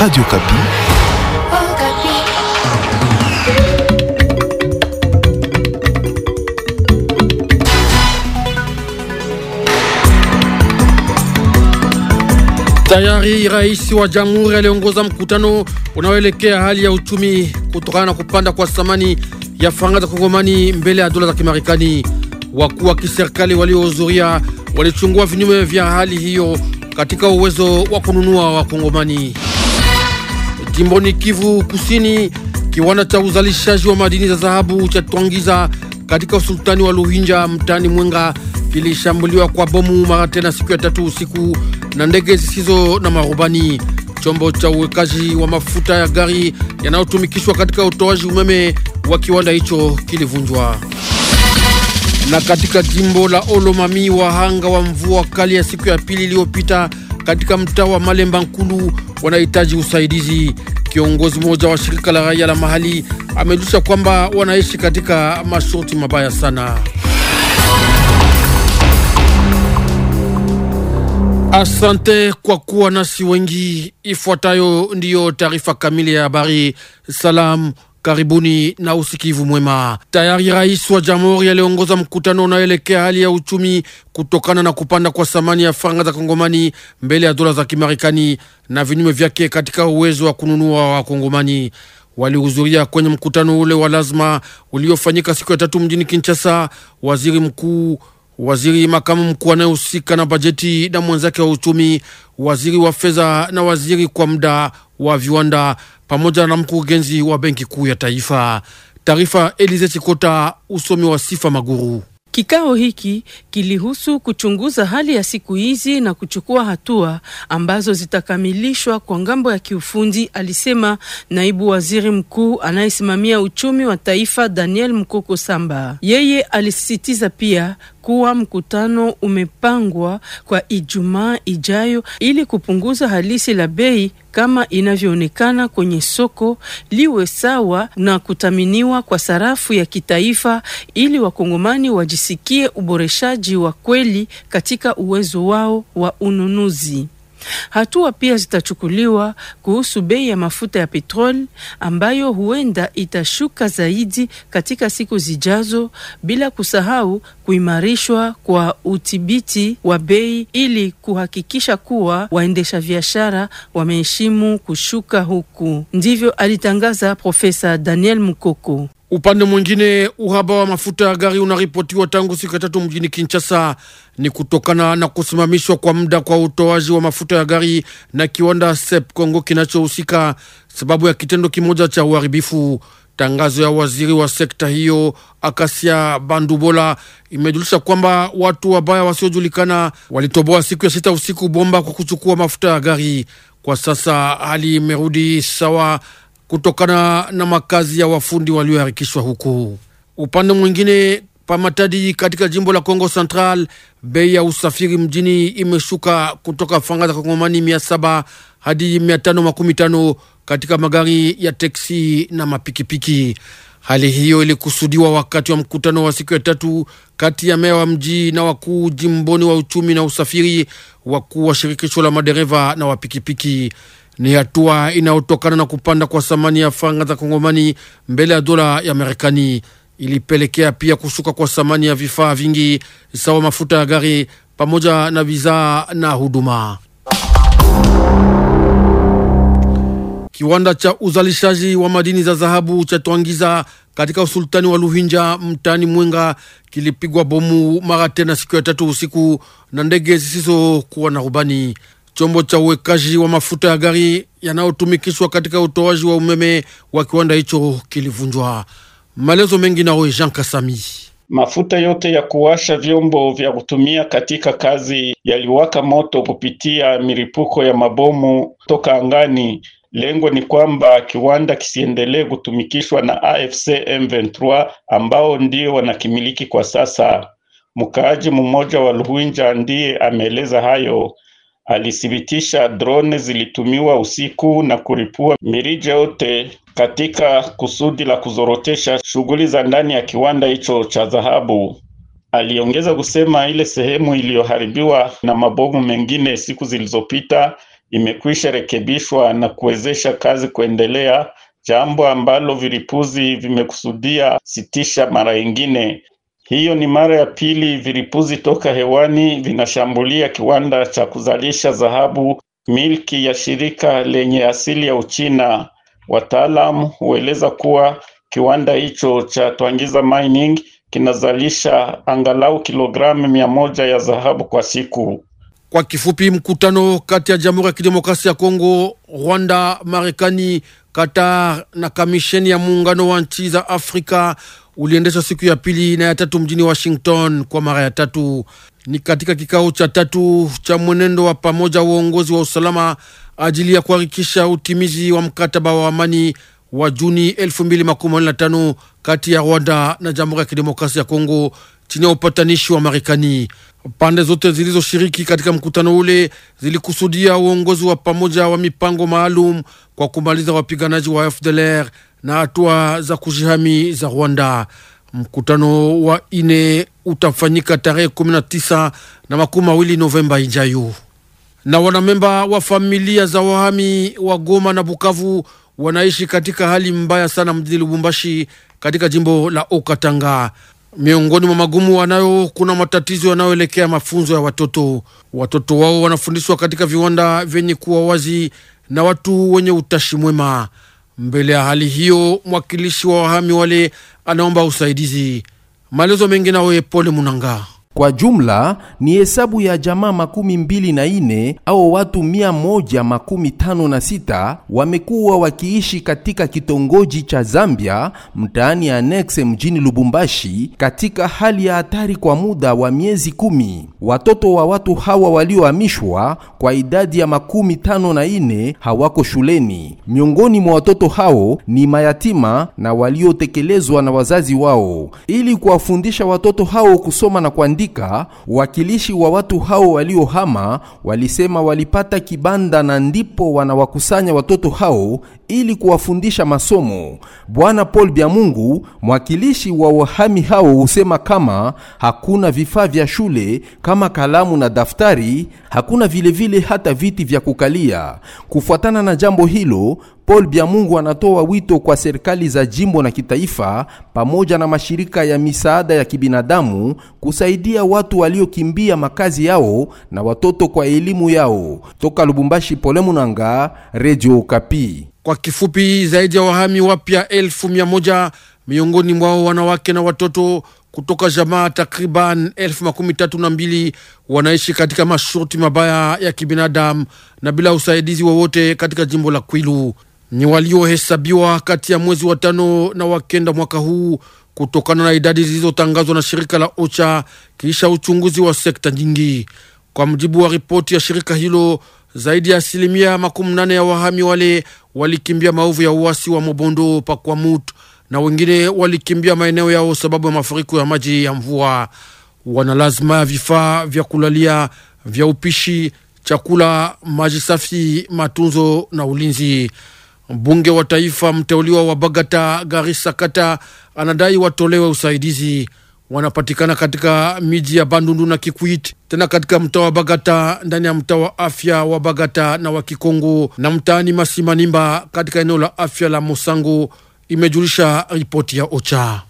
Radio Kapi. Tayari rais wa jamhuri aliongoza mkutano unaoelekea hali ya uchumi kutokana na kupanda kwa thamani ya faranga za Kongomani mbele ya dola za Kimarekani. Wakuu wa kiserikali waliohudhuria walichungua vinyume vya hali hiyo katika uwezo wa kununua wa Kongomani. Jimboni Kivu Kusini, kiwanda cha uzalishaji wa madini za dhahabu cha Twangiza katika usultani wa Luhinja mtaani Mwenga kilishambuliwa kwa bomu mara tena siku ya tatu usiku na ndege zisizo na marubani. Chombo cha uwekaji wa mafuta ya gari yanayotumikishwa katika utoaji umeme wa kiwanda hicho kilivunjwa. Na katika jimbo la Olomami, wahanga wa mvua kali ya siku ya pili iliyopita katika mtaa wa Malemba Nkulu wanahitaji usaidizi. Kiongozi mmoja wa shirika la raia la mahali amejulisha kwamba wanaishi katika masharti mabaya sana. Asante kwa kuwa nasi wengi. Ifuatayo ndiyo taarifa kamili ya habari. salamu Karibuni na usikivu mwema. Tayari rais wa jamhuri aliongoza mkutano unaoelekea hali ya uchumi kutokana na kupanda kwa thamani ya faranga za Kongomani mbele ya dola za Kimarekani na vinyume vyake katika uwezo wa kununua wa Kongomani. Walihudhuria kwenye mkutano ule wa lazima uliofanyika siku ya tatu mjini Kinshasa waziri mkuu waziri makamu mkuu anayehusika na bajeti na mwenzake wa uchumi, waziri wa fedha na waziri kwa muda wa viwanda pamoja na mkurugenzi wa benki kuu ya taifa. Taarifa Elize Chikota, usomi wa Sifa Maguru. Kikao hiki kilihusu kuchunguza hali ya siku hizi na kuchukua hatua ambazo zitakamilishwa kwa ngambo ya kiufundi, alisema naibu waziri mkuu anayesimamia uchumi wa taifa Daniel Mkoko Samba. Yeye alisisitiza pia kuwa mkutano umepangwa kwa Ijumaa ijayo ili kupunguza halisi la bei kama inavyoonekana kwenye soko liwe sawa na kutaminiwa kwa sarafu ya kitaifa ili wakongomani wajisikie uboreshaji wa kweli katika uwezo wao wa ununuzi. Hatua pia zitachukuliwa kuhusu bei ya mafuta ya petroli ambayo huenda itashuka zaidi katika siku zijazo, bila kusahau kuimarishwa kwa udhibiti wa bei ili kuhakikisha kuwa waendesha biashara wameheshimu kushuka huku. Ndivyo alitangaza Profesa Daniel Mukoko. Upande mwingine, uhaba wa mafuta ya gari unaripotiwa tangu siku ya tatu mjini Kinshasa ni kutokana na kusimamishwa kwa muda kwa utoaji wa mafuta ya gari na kiwanda SEP Kongo kinachohusika sababu ya kitendo kimoja cha uharibifu. Tangazo ya waziri wa sekta hiyo Akasia Bandubola imejulisha kwamba watu wabaya wasiojulikana walitoboa siku ya sita usiku bomba kwa kuchukua mafuta ya gari. Kwa sasa hali imerudi sawa kutokana na makazi ya wafundi walioharikishwa huku. Upande mwingine Pamatadi katika jimbo la Kongo Central, bei ya usafiri mjini imeshuka kutoka franga za Kongomani mia saba hadi mia tano makumi tano katika magari ya teksi na mapikipiki. Hali hiyo ilikusudiwa wakati wa mkutano wa siku ya tatu kati ya meya wa mji na wakuu jimboni wa uchumi na usafiri, wakuu wa shirikisho la madereva na wapikipiki. Ni hatua inayotokana na kupanda kwa thamani ya franga za Kongomani mbele ya dola ya Marekani ilipelekea pia kushuka kwa thamani ya vifaa vingi sawa mafuta ya gari pamoja na bidhaa na huduma. Kiwanda cha uzalishaji wa madini za dhahabu cha Twangiza katika usultani wa Luhinja mtaani Mwenga kilipigwa bomu mara tena siku ya tatu usiku na ndege zisizokuwa na rubani. Chombo cha uwekaji wa mafuta ya gari yanayotumikishwa katika utoaji wa umeme wa kiwanda hicho kilivunjwa. Maelezo mengi nawe Jean Kasami. Mafuta yote ya kuwasha vyombo vya kutumia katika kazi yaliwaka moto kupitia milipuko ya mabomu toka angani. Lengo ni kwamba kiwanda kisiendelee kutumikishwa na AFC M23 ambao ndio wanakimiliki kwa sasa. Mkaaji mmoja wa Luhinja ndiye ameeleza hayo alithibitisha drone zilitumiwa usiku na kulipua mirija yote katika kusudi la kuzorotesha shughuli za ndani ya kiwanda hicho cha dhahabu. Aliongeza kusema ile sehemu iliyoharibiwa na mabomu mengine siku zilizopita imekwisha rekebishwa na kuwezesha kazi kuendelea, jambo ambalo vilipuzi vimekusudia sitisha mara nyingine. Hiyo ni mara ya pili vilipuzi toka hewani vinashambulia kiwanda cha kuzalisha dhahabu milki ya shirika lenye asili ya Uchina. wataalam hueleza kuwa kiwanda hicho cha Twangiza Mining kinazalisha angalau kilogramu mia moja ya dhahabu kwa siku. Kwa kifupi, mkutano kati ya Jamhuri ya Kidemokrasia ya Kongo, Rwanda, Marekani Qatar na kamisheni ya muungano wa nchi za Afrika uliendeshwa siku ya pili na ya tatu mjini Washington kwa mara ya tatu. Ni katika kikao cha tatu cha mwenendo wa pamoja uongozi wa usalama ajili ya kuhakikisha utimizi wa mkataba wa amani wa Juni 2015 kati ya Rwanda na Jamhuri ya Kidemokrasia ya Kongo chini ya upatanishi wa Marekani. Pande zote zilizoshiriki katika mkutano ule zilikusudia uongozi wa pamoja wa mipango maalum kwa kumaliza wapiganaji wa FDLR na hatua za kujihami za Rwanda. Mkutano wa ine utafanyika tarehe 19 na makumi mawili Novemba ijayo. Na wanamemba wa familia za wahami wa Goma na Bukavu wanaishi katika hali mbaya sana mjini Lubumbashi katika jimbo la Okatanga. Miongoni mwa magumu wanayo kuna matatizo yanayoelekea mafunzo ya watoto. Watoto wao wanafundishwa katika viwanda vyenye kuwa wazi na watu wenye utashi mwema. Mbele ya hali hiyo, mwakilishi wa wahami wale anaomba usaidizi. Maelezo mengi nawe Pole Munanga. Kwa jumla ni hesabu ya jamaa makumi mbili na ine au watu mia moja makumi tano na sita wamekuwa wakiishi katika kitongoji cha Zambia mtaani ya Anexe mjini Lubumbashi katika hali ya hatari kwa muda wa miezi kumi. Watoto wa watu hawa waliohamishwa kwa idadi ya makumi tano na ine hawako shuleni. Miongoni mwa watoto hao ni mayatima na waliotekelezwa na wazazi wao. Ili kuwafundisha watoto hao kusoma na kuandika kuandika, wakilishi wa watu hao waliohama walisema walipata kibanda na ndipo wanawakusanya watoto hao ili kuwafundisha masomo. Bwana Paul Byamungu, mwakilishi wa wahami hao, husema kama hakuna vifaa vya shule kama kalamu na daftari, hakuna vilevile vile hata viti vya kukalia. Kufuatana na jambo hilo, Paul Byamungu anatoa wito kwa serikali za jimbo na kitaifa pamoja na mashirika ya misaada ya kibinadamu kusaidia watu waliokimbia makazi yao na watoto kwa elimu yao. Toka Lubumbashi, Pole Munanga, Radio Kapi. Kwa kifupi, zaidi ya wahami wapya elfu mia moja miongoni mwao wanawake na watoto kutoka jamaa takriban elfu makumi tatu na mbili wanaishi katika masharti mabaya ya kibinadamu na bila usaidizi wowote katika jimbo la Kwilu. Ni waliohesabiwa kati ya mwezi wa tano na wakenda mwaka huu kutokana na idadi zilizotangazwa na shirika la OCHA kisha uchunguzi wa sekta nyingi, kwa mujibu wa ripoti ya shirika hilo. Zaidi ya asilimia makumi nane ya wahami wale walikimbia maovu ya uasi wa Mobondo Pakwamut, na wengine walikimbia maeneo yao sababu ya mafuriko ya maji ya mvua. Wana lazima ya vifaa vya kulalia, vya upishi, chakula, maji safi, matunzo na ulinzi. Mbunge wa taifa mteuliwa wa Bagata Garisa Kata anadai watolewe usaidizi wanapatikana katika miji ya Bandundu na Kikwit, tena katika mtaa wa Bagata ndani ya mtaa wa afya wa Bagata na wa Kikongo na mtaani Masimanimba katika eneo la afya la Mosango, imejulisha ripoti ya OCHA.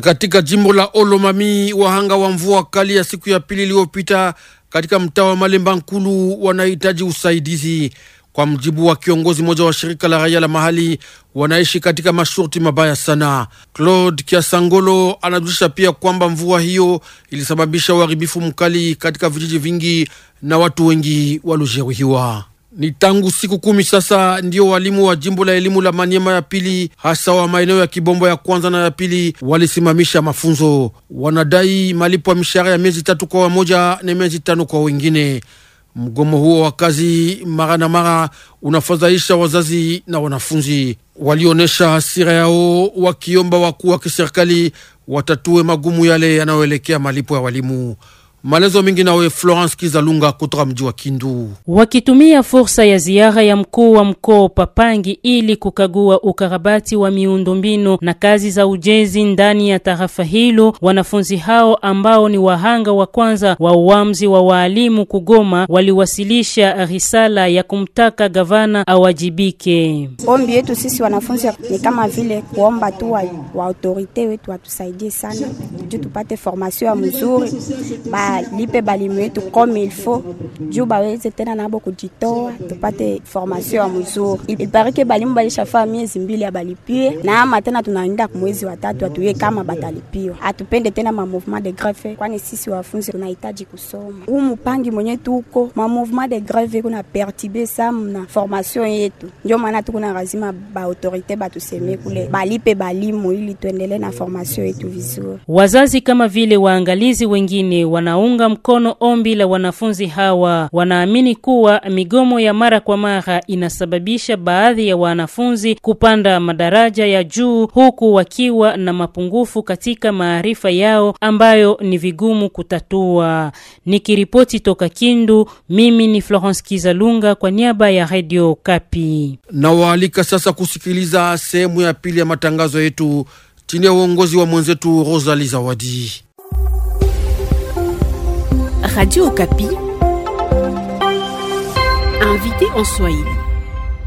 Katika jimbo la Olomami, wahanga wa mvua kali ya siku ya pili iliyopita katika mtaa wa Malemba Nkulu wanahitaji usaidizi. Kwa mjibu wa kiongozi mmoja wa shirika la raia la mahali, wanaishi katika masharti mabaya sana. Claude Kiasangolo anajulisha pia kwamba mvua hiyo ilisababisha uharibifu mkali katika vijiji vingi na watu wengi walijeruhiwa. Ni tangu siku kumi sasa ndio walimu wa jimbo la elimu la Maniema ya pili hasa wa maeneo ya Kibombo ya kwanza na ya pili walisimamisha mafunzo. Wanadai malipo ya mishahara ya miezi tatu kwa wamoja na miezi tano kwa wengine. Mgomo huo wa kazi mara na mara unafadhaisha wazazi na wanafunzi. Walionyesha hasira yao wakiomba wakuu wa kiserikali watatue magumu yale yanayoelekea malipo ya walimu. Maelezo mengi nawe Florence Kizalunga kutoka mji wa Kindu. Wakitumia fursa ya ziara ya mkuu wa mkoa Papangi ili kukagua ukarabati wa miundombinu na kazi za ujenzi ndani ya tarafa hilo, wanafunzi hao ambao ni wahanga wa kwanza wa uamzi wa waalimu kugoma waliwasilisha risala ya kumtaka gavana awajibike. Ombi yetu sisi wanafunzi ni kama vile kuomba tu wa autorite wetu watusaidie sana juu tupate formasio ya mzuri ba walipe balimu wetu kome ilfo juu baweze tena nabo kujitoa, tupate formation ya mzuri. Iparike balimu balishafaa miezi mbili abalipie na ama tena tunaenda kumwezi watatu atuye kama batalipiwa. Atupende tena ma mouvement de greve, kwani sisi wafunzi tunahitaji kusoma. Huu mpangi mwenye tuko ma mouvement de greve kuna perturbe samna formation yetu, ndio maana tuko na lazima ba autorite batuseme kule balipe balimu ili tuendelee na formation yetu vizuri. Wazazi kama vile waangalizi wengine wana wanaunga mkono ombi la wanafunzi hawa. Wanaamini kuwa migomo ya mara kwa mara inasababisha baadhi ya wanafunzi kupanda madaraja ya juu huku wakiwa na mapungufu katika maarifa yao ambayo ni vigumu kutatua. Nikiripoti toka Kindu, mimi ni Florence Kizalunga kwa niaba ya Radio Kapi. Nawaalika sasa kusikiliza sehemu ya pili ya matangazo yetu chini ya uongozi wa mwenzetu Rosali Zawadi. Radio Okapi. Invité en Swahili.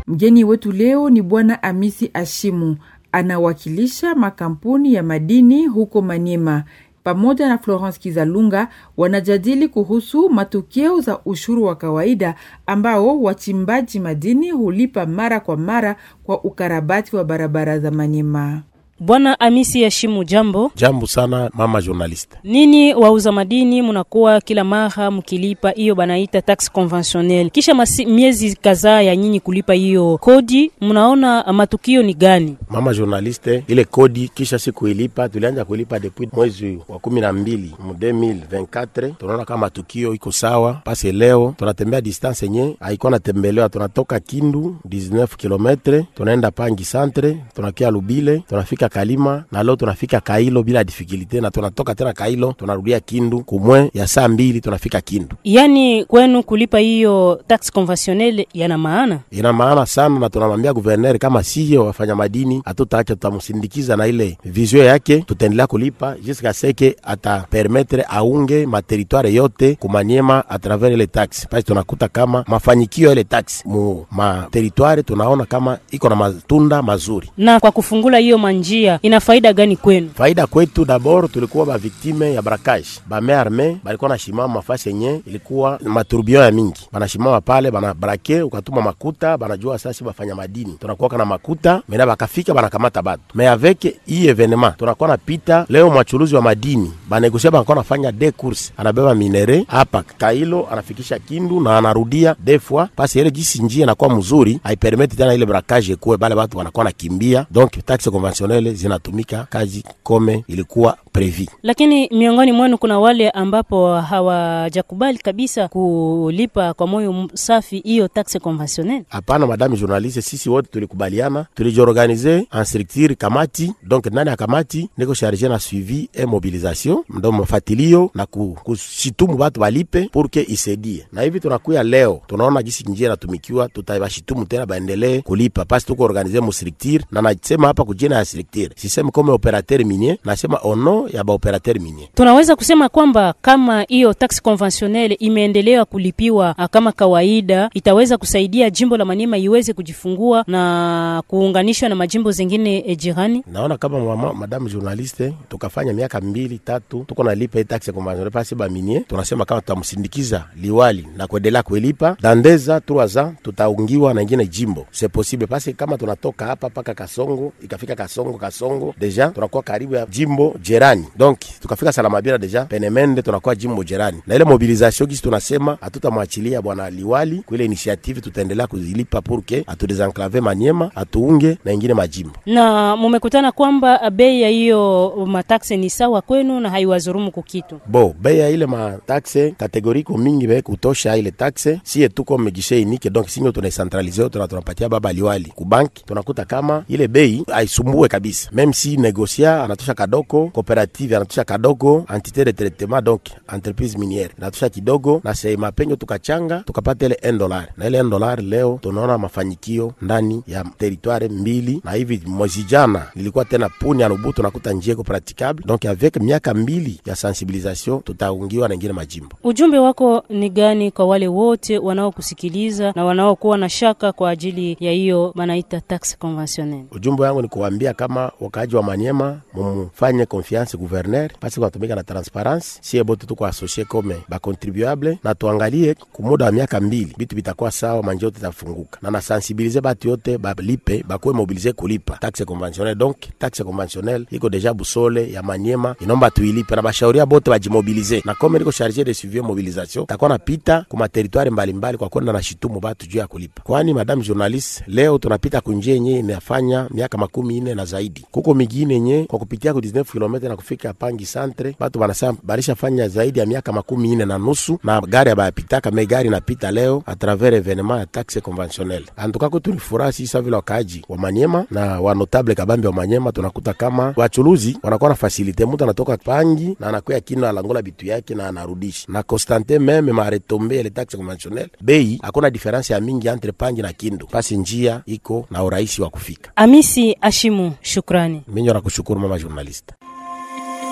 Mgeni wetu leo ni Bwana Amisi Ashimu, anawakilisha makampuni ya madini huko Maniema. Pamoja na Florence Kizalunga wanajadili kuhusu matokeo za ushuru wa kawaida ambao wachimbaji madini hulipa mara kwa mara kwa ukarabati wa barabara za manyema Bwana Amisi Yashimu, jambo. Jambo sana mama journaliste. Nini wauza madini munakuwa kila mara mkilipa hiyo banaita taxe conventionnel, kisha masi, miezi kadhaa ya nyinyi kulipa hiyo kodi, munaona matukio ni gani? Mama journaliste, ile kodi kisha si kuilipa tulianja kuilipa depuis mwezi wa kumi na mbili mu 2024 tunaona kama matukio iko sawa pase. Leo tunatembea distance nye haikuwa natembelewa, tunatoka Kindu 19 kilometre tunaenda Pangi centre, tunakia Lubile tunafika Kalima na leo tunafika Kailo bila difikilite, na tunatoka tena Kailo tunarudia Kindu kumwe ya saa mbili tunafika Kindu. Yani kwenu kulipa hiyo taxe conventionnel yana maana, ina maana sana, na tunamwambia guverner kama siyo wafanya madini hatutaacha, tutamsindikiza na ile vizio yake, tutaendelea kulipa jiska seke atapermetre aunge materitware yote kumanyema a travers ile taxe, basi tunakuta kama mafanyikio ile tax mu materitware tunaona kama iko na matunda mazuri, na kwa kufungula hiyo manji kutupatia ina faida gani kwenu? Faida kwetu, dabord tulikuwa baviktime ya brakage, bame arme balikuwa na shimama mafasi yenye ilikuwa maturbio ya mingi, banashimama pale brake, ukatuma makuta, banajua sasi bafanya madini tunakuwa na makuta mena, bakafika banakamata batu me avec i evenema, tunakuwa na pita leo mwachuluzi wa madini banegosia, banakuwa nafanya de course, anabeba minere hapa Kailo anafikisha Kindu na anarudia defwa pasi ile jisi njia inakuwa mzuri, haipermeti tena ile brakage ekuwe bale batu wanakuwa nakimbia, donc taxe conventionnel mchele zinatumika kazi kome ilikuwa previ. Lakini miongoni mwenu kuna wale ambapo hawajakubali kabisa kulipa kwa moyo safi hiyo taxe conventionnelle. Hapana, madame journaliste, sisi wote tulikubaliana, tulijiorganize en structure kamati, donc ndani ya kamati niko charge na suivi e mobilisation, ndo mafatilio na kushitumu batu balipe que isedie. Na hivi tunakuya leo tunaona jinsi njia inatumikiwa, tutabashitumu tena baendelee kulipa pasi tuko organize mu structure, na nasema hapa kujina ya structure, sisemi kome operateur minier, nasema ono ya baoperateur minier. Tunaweza kusema kwamba kama hiyo tax conventionnelle imeendelea kulipiwa ah, kama kawaida, itaweza kusaidia jimbo la Maniema iweze kujifungua na kuunganishwa na majimbo zingine e jirani. Naona kama mama, madame journaliste, tukafanya miaka mbili tatu tuko nalipa hii tax conventionnelle pasi ba minier, tunasema kama tutamsindikiza liwali na kuendelea kuilipa dandeza 3 tutaungiwa na ingine jimbo c'est possible pasi kama tunatoka hapa paka Kasongo ikafika Kasongo Kasongo deja tunakuwa karibu ya jimbo jera jirani, donc tukafika salama bila deja penemende, tunakuwa jimbo jirani na ile mobilization gisi tunasema hatutamwachilia bwana liwali kwa initiative, tutaendelea kuzilipa purke atudesenklave Manyema atuunge na ingine majimbo. Na mumekutana kwamba bei ya hiyo matakse ni sawa kwenu na haiwazurumu kukitu bo, bei ya ile matakse kategoriko mingi be kutosha ile takse, siye tuko megishe inike, donc sinyo tunaisentralize tuna tunapatia baba liwali kubanki, tunakuta kama ile bei aisumbue kabisa, meme si negosia anatosha kadoko kopera cooperative anatusha kadogo, entité de traitement donc entreprise miniere natusha kidogo, na sehema penye tukachanga tukapata ile 1 dollar, na ile 1 dollar leo tunaona mafanyikio ndani ya teritware mbili, na hivi mwezi jana nilikuwa tena puni ya Lubutu nakuta njie ko praticable, donc avec miaka mbili ya sensibilisation tutaungiwa na ingine majimbo. Ujumbe wako ni gani kwa wale wote wanaokusikiliza na wanaokuwa na shaka kwa ajili ya hiyo manaita taxe conventionnelle? Ujumbe wangu ni kuambia kama wakaaji wa Manyema mumufanye confiance basi guverner pasi kunatumika na transparensi, siye bote tuko asoshe kome bakontribuable na tuangalie kumuda wa miaka mbili bitu bitakuwa sawa, manje yote tafunguka na nasensibilize batu yote balipe bakuwe mobilize kulipa taxe conventionnelle. Donc taxe conventionnelle iko deja busole ya Maniema inomba tuilipe na bashauria bote bajimobilize, na kome niko charge de suivi mobilisation takuwa napita kuma territoire mbalimbali kwa kwenda na shitumu batu juu ya kulipa, kwani madame journaliste, leo tunapita kunjie yenye inafanya miaka makumi ine na zaidi, kuko migine yenye kwa kupitia ku 19 km kufika Pangi Centre, batu banasema barisha fanya zaidi ya miaka makumi ine na nusu na gari abayapitaka me gari napita leo atravere evenement ya taxe conventionnel. Antukaku tulifuraha sisi savila wakaaji wa Manyema na wanotable kabambi wa Manyema, tunakuta kama wachuluzi wanakuwa na fasilite, mutu anatoka Pangi na anakuya kino alangola bitu yake na anarudishi na constante meme maretombe ile taxe conventionnel, bei hakuna diferense ya mingi entre Pangi na Kindu, pasi njia iko na urahisi wa kufika. Amisi Ashimu, shukrani minyo, nakushukuru mama journaliste.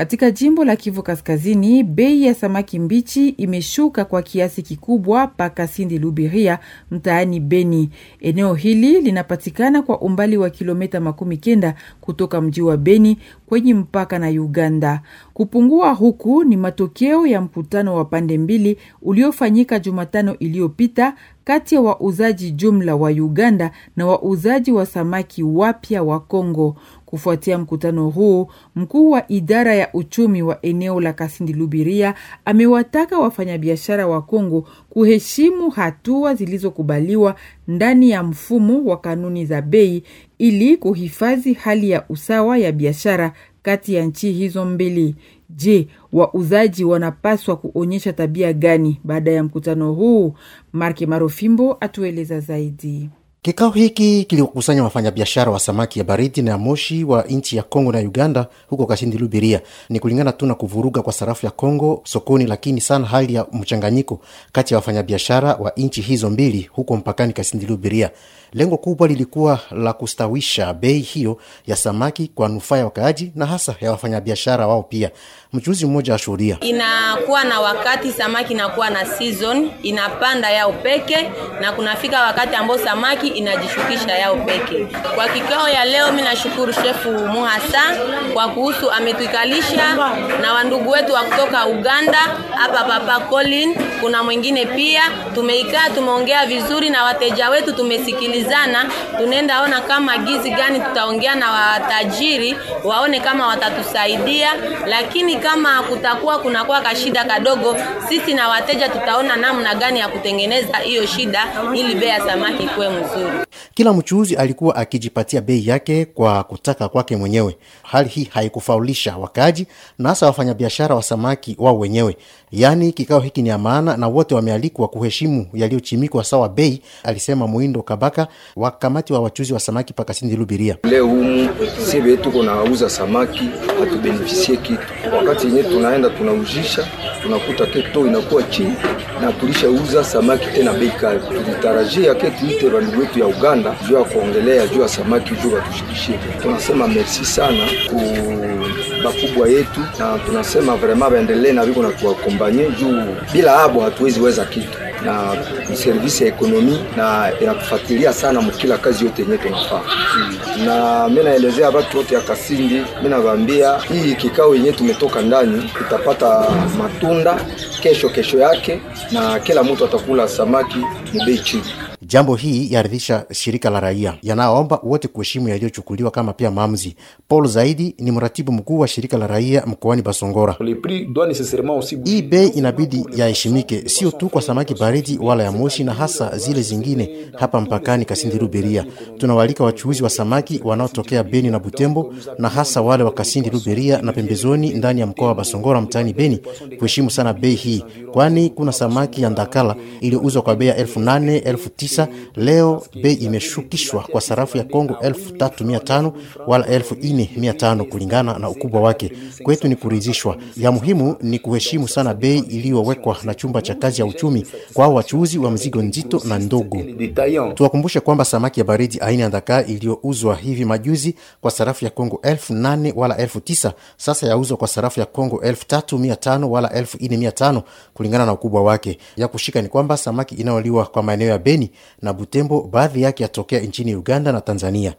Katika jimbo la Kivu Kaskazini, bei ya samaki mbichi imeshuka kwa kiasi kikubwa paka Sindi Lubiria mtaani Beni. Eneo hili linapatikana kwa umbali wa kilometa makumi kenda kutoka mji wa Beni kwenye mpaka na Uganda. Kupungua huku ni matokeo ya mkutano wa pande mbili uliofanyika Jumatano iliyopita kati ya wauzaji jumla wa Uganda na wauzaji wa samaki wapya wa Kongo. Kufuatia mkutano huu, mkuu wa idara ya uchumi wa eneo la Kasindi Lubiria amewataka wafanyabiashara wa Kongo kuheshimu hatua zilizokubaliwa ndani ya mfumo wa kanuni za bei ili kuhifadhi hali ya usawa ya biashara kati ya nchi hizo mbili. Je, wauzaji wanapaswa kuonyesha tabia gani baada ya mkutano huu? Marke Marofimbo atueleza zaidi. Kikao hiki kilikusanya wafanyabiashara wa samaki ya baridi na ya moshi wa nchi ya Kongo na Uganda huko Kashindi Lubiria. Ni kulingana tu na kuvuruga kwa sarafu ya Kongo sokoni, lakini sana hali ya mchanganyiko kati ya wafanyabiashara wa nchi hizo mbili huko mpakani Kashindi Lubiria. Lengo kubwa lilikuwa la kustawisha bei hiyo ya samaki kwa nufaa ya wakaaji na hasa ya wafanyabiashara wao. Pia mchuuzi mmoja ashuhudia, inakuwa na wakati samaki inakuwa na season inapanda yao peke, na kunafika wakati ambao samaki inajishukisha yao peke. Kwa kikao ya leo, mimi nashukuru shefu Muhasa kwa kuhusu ametuikalisha na wandugu wetu wa kutoka Uganda hapa, Papa Colin, kuna mwingine pia. Tumeikaa tumeongea vizuri na wateja wetu, tumesikilizana. Tunaenda ona kama gizi gani tutaongea na watajiri waone kama watatusaidia, lakini kama kutakuwa kunakuwa kashida kadogo, sisi na wateja tutaona namna gani ya kutengeneza hiyo shida ili bei ya samaki ikuwe mzuri vizuri. Kila mchuuzi alikuwa akijipatia bei yake kwa kutaka kwake mwenyewe. Hali hii haikufaulisha wakaji na hasa wafanyabiashara wa samaki wao wenyewe. Yaani kikao hiki ni ya maana na wote wamealikwa kuheshimu yaliyochimikwa sawa bei, alisema Muindo Kabaka wa kamati wa wachuzi wa samaki paka Sindi Lubiria. Leo humu sisi tuko nauza samaki, hatubenefisie kitu. Wakati yenyewe tunaenda tunaujisha, tunakuta keto inakuwa chini na tulishauza samaki tena bei kali. Tulitarajia ketu ite bandugu wetu ya Uganda juu ya kuongelea juu ya samaki juu watushikishie. Tunasema merci sana ku bakubwa yetu na tunasema vraiment baendelee na biko na tuwakombe kutukompanye juu bila abo hatuwezi weza kitu, na service ya ekonomi na inakufatilia sana mkila kazi yote yenye tunafaa. Hmm. Na mimi naelezea watu wote ya Kasindi, mimi nawaambia hii kikao yenyewe tumetoka ndani tutapata matunda kesho kesho yake, na kila mtu atakula samaki mbei chini. Jambo hii yaridhisha shirika la raia yanaoomba wote kuheshimu yaliyochukuliwa kama pia maamuzi. Paul Zaidi ni mratibu mkuu wa shirika la raia mkoani Basongora. Hii bei inabidi yaheshimike, sio tu kwa samaki baridi wala ya moshi, na hasa zile zingine hapa mpakani Kasindi Luberia. Tunawalika wachuuzi wa samaki wanaotokea Beni na Butembo, na hasa wale wa Kasindi Luberia na pembezoni ndani ya mkoa wa Basongora mtaani Beni kuheshimu sana bei hii, kwani kuna samaki ya ndakala iliyouzwa kwa bei ya elfu nane elfu tisa kabisa. Leo bei imeshukishwa kwa sarafu ya Kongo elfu wala elfu kulingana na ukubwa wake. Kwetu ni kuridhishwa. Ya muhimu ni kuheshimu sana bei iliyowekwa na chumba cha kazi ya uchumi kwa wachuuzi wa mzigo nzito na ndogo. Tuwakumbushe kwamba samaki ya baridi aina ya dakaa iliyouzwa hivi majuzi kwa sarafu ya Kongo elfu wala elfu sasa yauzwa kwa sarafu ya Kongo elfu wala elfu kulingana na ukubwa wake. Ya kushika ni kwamba samaki inayoliwa kwa maeneo ya Beni na Butembo, baadhi yake yatokea nchini Uganda na Tanzania.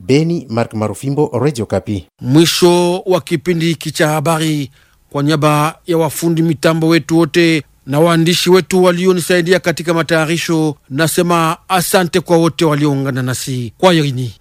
Beni, Mark Marufimbo, Radio Kapi. Mwisho wa kipindi hiki cha habari, kwa niaba ya wafundi mitambo wetu wote na waandishi wetu walionisaidia katika matayarisho, nasema asante kwa wote walioungana nasi kwa irini.